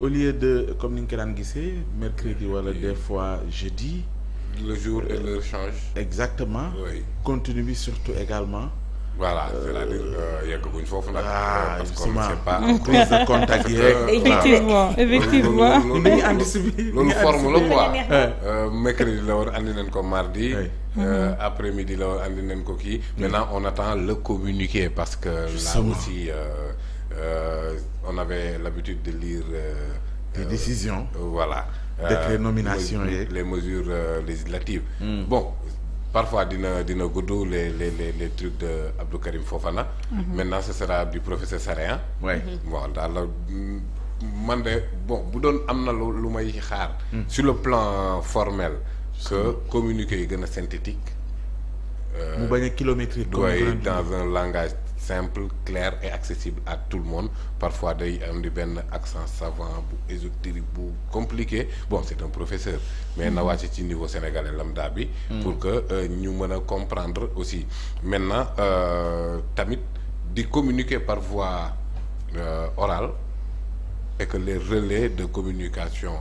au lieu de comme ni nga ko daan gisee mercredi wala des fois jeudi. le jour et l'heure change. exactement. oui continue bi surtout également. voilà euh, c'est-à-dire euh, yeggaguñ foofu nag. Ah, euh, parce que on ne effectivement effectivement dañuy anticiper forme la quoi. mercredi la war andi nañ ko mardi. Mhm. après midi la war andi nañ ko kii. maintenant on attend le communiqué parce que. là aussi. Euh, on avait l'habitude de lire. Euh, des décisions. Euh, voilà. décret nomination yeeg les mesures législatives. Hmm. bon parfois dina dina gudd les les les les de Abdou Karim Fofana. Hmm. maintenant ce sera du professeur Sarréen. Hmm. bon daal la man de bon bu doon am na lu lu may xaar. sur le plan formel. que communiqué yi gën a synthétique. mu bañ a kilométrique. comme dans un langage. simple clair et accessible à tout le monde parfois day am di benn accent savant bu ésotérique bu compliqué bon c'est un professeur mais na hmm. wàcc ci niveau sénégalais lambda bi hmm. pour que euh, ñu mën a comprendre aussi maintenant euh, tamit di communiquer parfois voie euh, orale et que les relais de communication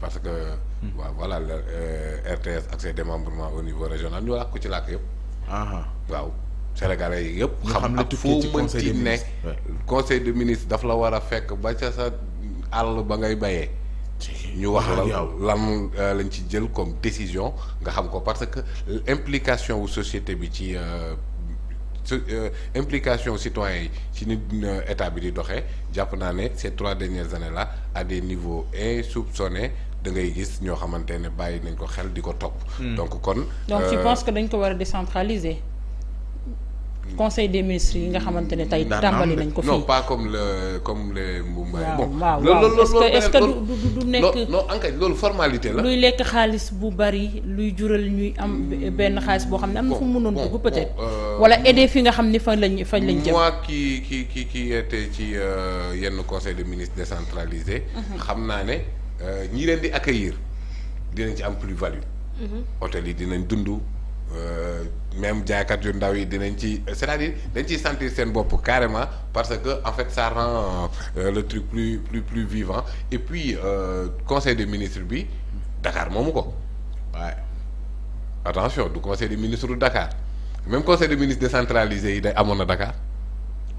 parce que waaw hmm. voilà RTS ak ses démembrements au niveau régional ñu wax ko ci làkk yëpp ah ah. waaw sénégalais yi yëpp. xam ak foo mënti ne conseil de ministre daf la war a fekk ba ca sa àll ba ngay bayee. ñu wax la lam euh, lañ ci jël comme décision nga xam ko parce que implication wu société bi ci euh, euh, implication citoyen yi ci nit état bi di doxee jàpp naa ne ces trois dernières années là à des niveaux insoupçonnés da ngay gis ñoo xamante ne bàyyi nañ ko xel di ko topp. Hmm. donc kon. donc tu penses que dañ ko war a décentraliser. conseil des ministres yi nga xamante ne tey tàmbali nañ ko fii non pas comme le comme le Mboumbaay bon waaw waaw est-ce que du du nekk non ankay loolu formalité la luy lekk xaalis bu bari luy jural ñuy am hmm. benn xaalis boo xam ne am na fu mënoon dugg peut-être euh, wala aider fi nga xam ne fañ lañ fañ lañ jëm moi qui qui qui qui était ci euh, yenn conseil des de décentralisé mhm. xam naa ne euh, ñi leen di accueillir dinañ ci am plus-value mhm. hôtel yi dinañ dund Euh, même jaaykat yu ndaw yi dinañ ci c'est-à-dire dañ ciy sentir seen bopp carrément parce que en fait ça rend euh, le truc plus plus plus vivant et puis euh, conseil de ministres bi Dakar moomu ko waaye attention du conseil des ministres du Dakar même conseil des ministres centralisé yi day amoon na Dakar.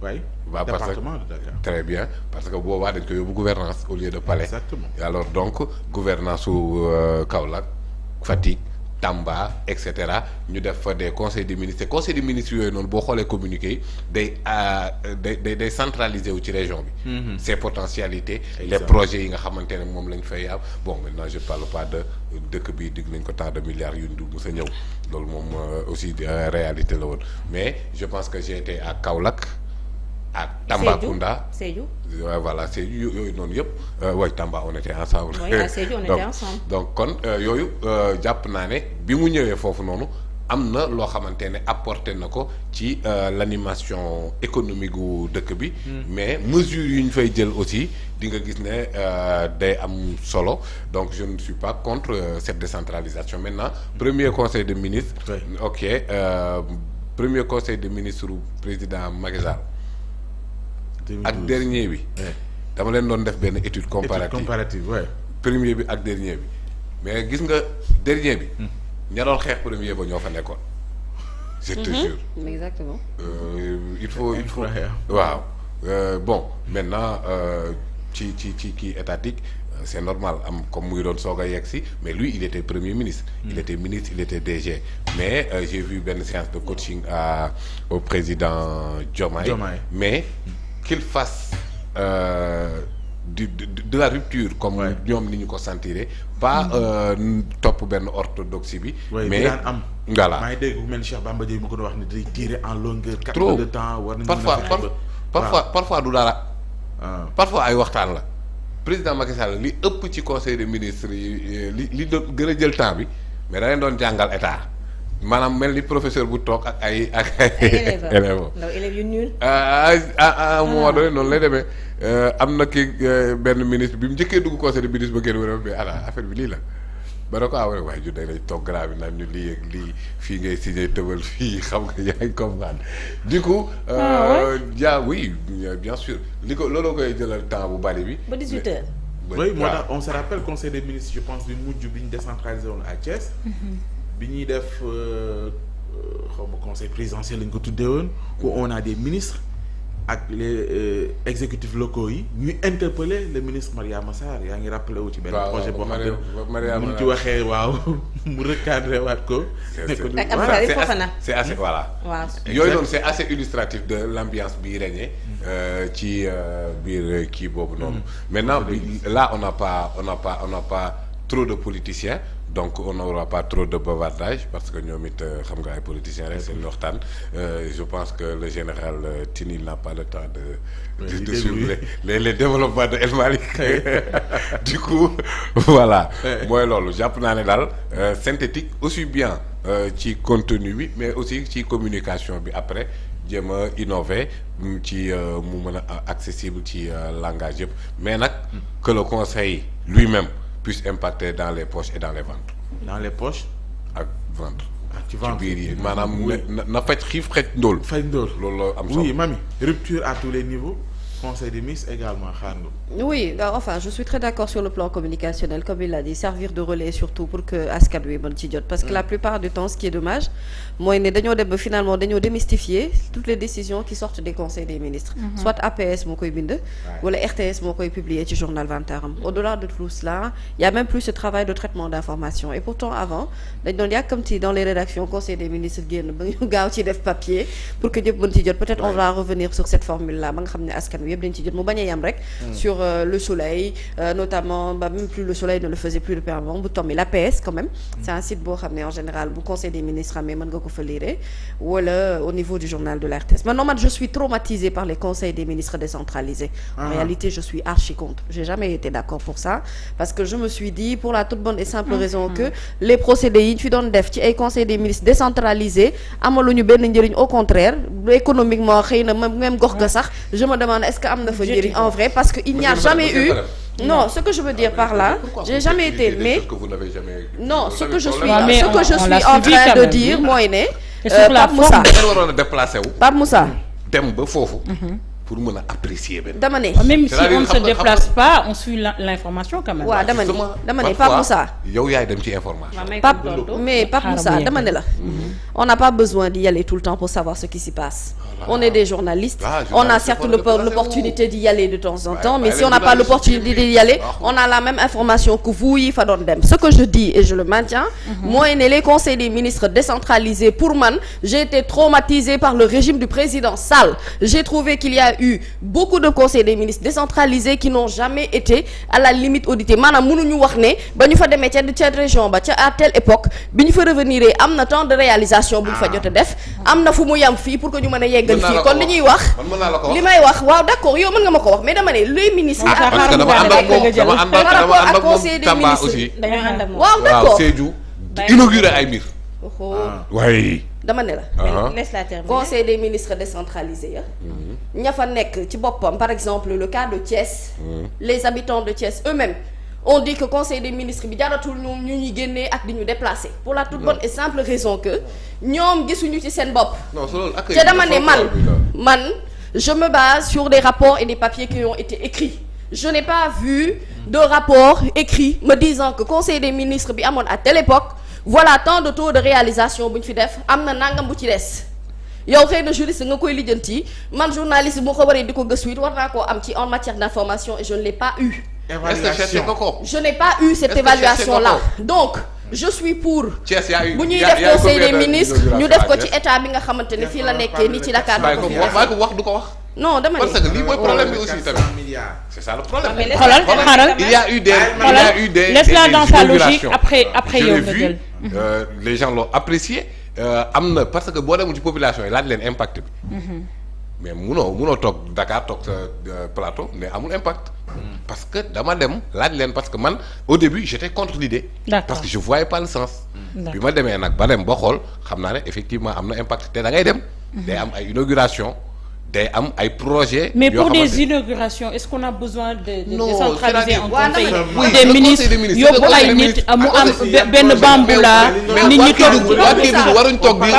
waay oui, département de Dakar très bien parce que boobaa dañ ko yóbbu gouvernance au lieu de palais. alors donc gouvernance su Kaolack Fatick. Tamba et cetera ñu def fa des conseil des ministres conseils des ministres yooyu noonu boo xoolee communiqué yi day euh, day day day centraliser wu ci région bi. Mm-hmm. ses potentialités. les projets yi nga xamante ne moom lañ fay am bon maintenant je parle pas de dëkk bi digg nañ ko tant de milliards yu dul mës sa ñëw loolu moom euh, aussi euh, réalité la woon mais je pense que j' ak à Kaolack. ak Tambacounda Sédhiou voilà yooyu noonu yëpp euh, way Tamba on était ensemble donc kon euh, yooyu euh, jàpp naa ne bi mu ñëwee foofu noonu am na loo xamante ne apporté na ko ci l'animation économique gu dëkk bi mm. mais mesures yu ñu fay jël aussi di nga gis ne day am solo donc je ne suis pas contre centralisation décentralisation maintenant premier conseil de ministre ok premier conseil de ministre président Macky Sall ak dernier bi dama leen doon def benn étude comparative comparative ouais. premier bi ak dernier bi mais gis nga dernier bi hmm. ña doon xeex premier ba ñoo fa nekkoon mhm. je euh, il faut il faut waaw euh, bon maintenant euh, ci ci ci kii étatique euh, c'est normal am comme muy doon soog yegg si mais luy il était premier ministre il hmm. était ministre il était DG mais euh, benn séance de coaching à au président Diomaye mais hmm. qu'il fasse euh, du, de, la rupture comme ñoom li ñu ko sentiré pas mm. euh, topp benn orthodoxie bi mais daan am voilà maa ngi dégg bu mel ni Cheikh Bamba Dièye wax ni day tirer en longueur quatre heures de war nañu parfois parfois parfois du dara ah. parfois ay waxtaan la président Macky Sall li ëpp ci conseil des ministres yi li li gën a jël temps bi mais da doon jàngal état maanaam mel ni professeur bu toog ak ay ak ay élèves ndaw élèves yu nul ah ah, ah, ah moo doy noonu lay demee euh, am na kii euh, benn ministre bi mu jëkkee dugg conseil des ministres ba génn wér bi ala affaire bi la ba da ko awre ah, waaye ju day lañ toog grand bi ñu lii ak lii fii ngay signé tëbal fii xam nga yaa ngi comprendre du coup euh, jaa oui bien sûr li ko looloo koy jëlal temps bu bari bi ba 18 heures oui moo tax on se rappelle conseil des ministres je pense bi mujj bi ñu décentralisé woon à Thiès mhm. bi ñuy def euh, euh, xaw ma conseil présidentiel lañ ko tuddee woon où on a des ministre ak les euh, exécutifs locaux yi ñuy interpeller le ministre Mariama Sarr yaa ngi rappelé wu ci benn projet boo xam ne mu ci waxee waaw mu recadré waat ko nekk assez hmm? voilà yooyu noonu c'est assez illustratif de l'ambiance bi régné hmm. ci biir kii boobu noonu hmm. mais là on n'a pas on n'a pas on n'a pas trop de politiciens donc on n'aura pas trop de bavardage parce que ñoomit euh, xam nga ay politiciens rek seen waxtaan euh, je pense que le général euh, Tine il n'a pas le temps de de, de suivre les, les les développements de El du coup voilà mooy loolu jàpp naa ne daal synthétique aussi bien ci contenu bi mais aussi ci communication bi après jéem a innover mm, ci mu mën a accessible ci langage yëpp mais nag mm. que le conseil lui-même puisse impacter dans les poches et dans les ventres. dans les poches. ak ventre. Ah, ci ventre biir yi maanaam. na faj xiif xaj ndóol. faj ndóol loolu la am solo oui mami rupture à tous les niveaux. conseil des ministres également xaar nga. Euh, enfin je suis très d'accord sur le plan communicationnel comme il l'a dit servir de relais surtout pour que askan wi mën ci jot. parce que la mm. plupart du temps ce qui est dommage mooy ne dañoo dem finalement dañoo démystifier toutes les décisions qui sortent des conseils des ministres. Mm-hmm. soit APS moo koy bind. wala RTS moo koy publier ci journal au-delà de tout cela il même plus ce travail de traitement d'information bi yëpp dañ ci jot mu yam rek hmm. sur euh, le soleil euh, notamment ba même plus le soleil ne le faisait plus depuis un moment bu tombi l'APS quand même hmm. c'est un site boo xam ne en général bu conseil des ministres amee mën nga ko fa lire wala euh, au niveau du journal de la RTS man man je suis traumatisée par les conseils des ministres décentralisés ah. en réalité je suis archi contre j'ai jamais été d'accord pour ça parce que je me suis dit pour la toute bonne est en vrai parce que il n'y a jamais eu non ce que je veux dire ah, par là j'ai jamais été mais non ce que je suis ce que je suis en de dire mooy ne Moussa Pape Moussa pour mën a apprécier benn. dama ne ah, même si on ne se déplace pas on suit l'information quand même. waaw dama ne dama ne mais Pape Moussa dama ne la. Mhm. on n'a pas besoin d'y aller tout le temps pour savoir ce qui s'y passe. on est des journalistes. on a certes l'opportunité d'y aller de temps en temps mais si on n'a pas l'opportunité d'y aller on a la même information que vous yi fa dem. ce que je dis et je le maintiens. Mhm. mooy ne les conseils des ministres décentralisés pour a eu beaucoup de conseils des ministres décentralisés qui n'ont jamais été à la limite audités maanaam mënuñu wax ne ba ñu fa demee ca région ba ca à telle époque bi ñu fa revenir am na temps de réalisation bu fa ah. jot a def am na fu mu yam fii pour que ñu mën a yeggal fii kon li ñuy wax li may wax waaw d'accord yow mën nga ma ko wax mais dama ne les ministres ah, ak rapport ak conseil des ministres waaw d'accord inauguré ay mbir waay dama ne la. Ah. laisse la terminer conseil des ministres décentralisé ya. Ah. Mm-hmm. ña fa nekk ci boppam par exemple le cas de Thiès. Mm-hmm. les habitants de Thiès eux-mêmes. on dit que conseil des ministres bi jaratul ñu ñu ñuy génnee ak di ñu déplacer pour la toute bonne et simple raison que ñoom gisuñu ci seen bopp. non te dama ne man man je me base sur des rapports et des papiers qui ont été écrits je n'ai pas vu mm-hmm. de rapport écrit me disant que conseil des ministres bi amoon à telle voilà tant de taux de réalisation bu ñu fi def am na nangam bu ci des yow xëy na juriste nga koy lijjanti man journaliste bu ko waree di ko gëstu it war naa koo am ci en matière d'information et je ne l'ai pas eu. évaluation je n'ai pas eu cette évaluation là donc. je suis pour bu ñuy def conseil des ministres ñu def ko ci état bi nga xamante ne fii la nekkee nii ci Dakar. ko wax du ko wax. non dama oh, oh, ah, a eu a euh, les gens l'ont apprécié euh, am na parce que boo demul population yi laaj leen impact bi. Mhm. mais munoo munoo toog Dakar toog sa euh, plateau mais amul impact. Mhm. parce que dama dem laaj leen parce que man au début j'étais contre l'idée parce que je mhm. ma demee nag ba dem xool xam naa ne effectivement am na impact te da ngay dem. day am ay inauguration day am ay projet mais pour des inaugurations est-ce qu'on a besoin de décentraliser un conseil des ministres yóbbu ay nit am benn bambu la nit ñi toog waruñ toog bi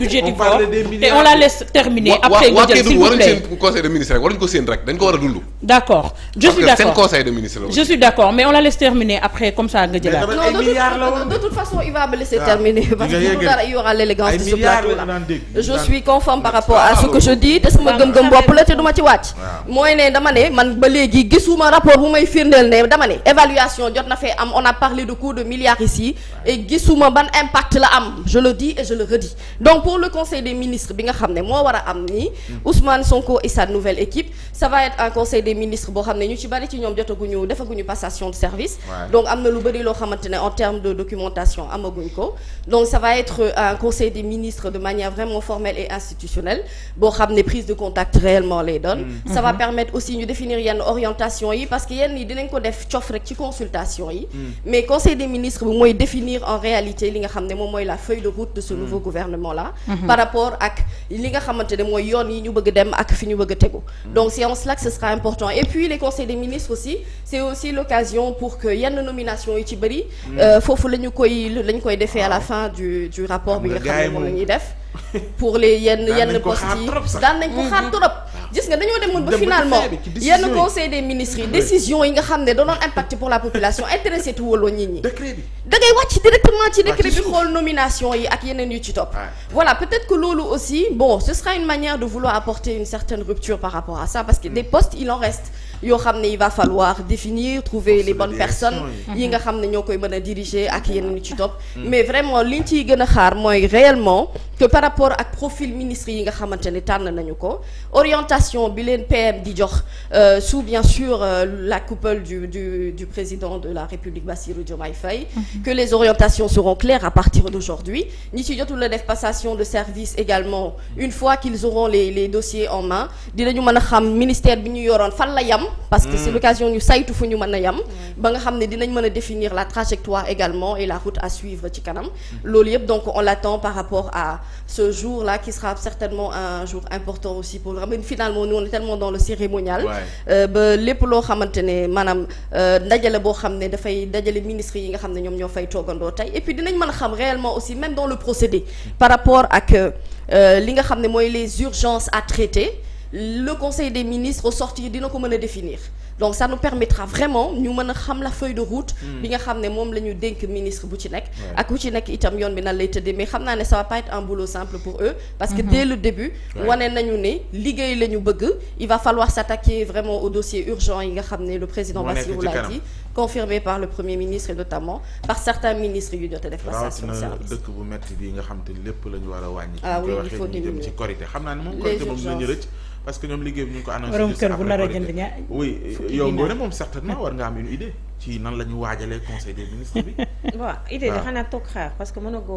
budget du corps et on la laisse terminer après nga s'il vous plaît waruñ seen ministre rek waruñ ko d'accord je suis d'accord mais on la laisse terminer après comme ça nga de toute façon il va me laisser ah. terminer parce que il y aura l'élégance de ce plateau là je suis conforme par rapport à ce que je dis te sama gëm-gëm bopp la te du ma ci wàcc mooy ne dama ne man ba léegi gisuma rapport bu may firndeel ne dama ne évaluation jot na fee am on a parlé de coût de milliards ici et gisuma ban impact la am je le dis et je le redis donc pour le conseil des ministres bi nga xam ne moo war a am nii hmm. Ousmane Sonko et sa nouvelle équipe ça un conseil des ministres boo xam ne ñu ci bari ci ñoom jotaguñu defaguñu passation de service donc am institutionnel boo xam ne prise de contact réellement lay doon mm. ça va mm-hmm. permettre aussi ñu définir yenn orientation yi parce que yenn yi dinañ ko def consultation yi mm. mais conseil des ministres bi mooy définir en réalité li nga xam ne moom mooy la feuille route de ce mm. nouveau gouvernement là mm-hmm. par rapport ak li nga xamante ne mooy yoon yi ñu bëgg dem ak fi ñu bëgg tegu donc c'est en cela ce sera important et puis les conseils des ministres aussi c'est aussi l'occasion pour pour les yenn yenn postes yi daan nañ ko xaar mm-hmm. trop dis nga dañoo demoon ba finalement yenn conseil des ministres yi décision yi nga xam ne da doon impacté pour la population intéressé tu wala nit ñi. décret wàcc directement ci décret bi nomination yi ak yeneen yu ci topp. voilà peut-être que loolu aussi bon ce sera de vouloir mm. il en reste yoo xam ne il va falloir définir trouver les bonnes personnes. yi nga xam ne ñoo koy mën a diriger ak mm. yeneen yu ci topp. Mm. mais vraiment liñ ciy gën a xaar mooy ne tànn nañu ko nomination bi leen PM di jox euh, sous bien sûr euh, la coupole du président de la République Bassirou Diomaye Faye mhm. que les orientations seront claires à partir d'aujourd'hui ñi ci jotul la def de service également une fois qu'ils auront les dossiers en main dinañu mën a xam ministère bi ñu yoroon fan la yam parce que c'est mm. l'occasion ñu saytu fu ñu mën a yam ba nga xam ne dinañ mën a définir la trajectoire également et la route à suivre ci kanam finalement nous on est tellement dans le cérémonial euh, ba lépp loo xamante ne maanaam euh, ndajale boo xam ne dafay dajale ministres yi nga xam ne ñoom ñoo fay toogandoo tey et puis dinañ mën a xam réellement aussi même dans le procédé par rapport ak euh, li nga xam ne mooy les urgences à traiter le conseil des ministres au sortir dina ko mën a définir donc ça nous permettra vraiment ñu mën a xam la feuille de route. Mm. bi nga xam ne moom la ñu dénk ministre bu ci nekk. ak ku ci nekk itam yoon bi nan lay tëddee mais xam naa ne sa va pas être un boulot simple pour eux. parce que mm-hmm. dès le début. wane nañu ne liggéey la ñu bëgg. il va falloir s'attaquer vraiment aux dossiers urgents yi nga xam ne le président Bassirou l'a dit confirmé par le premier ministre et par certains ministres yu jot a def. dëkk bu métti bi nga a wàññi. ah oui il faut xam naa ne moom korité moom la ñu rëcc parce que ñoom liggéey bi ñu ngi ko annoncé. borom kër bu nar jënd ña. oui yow Ngoné moom certainement war nga am une idée ci nan la ñu conseil des ministres bi. waaw idée bi xanaa toog xaar parce que mën a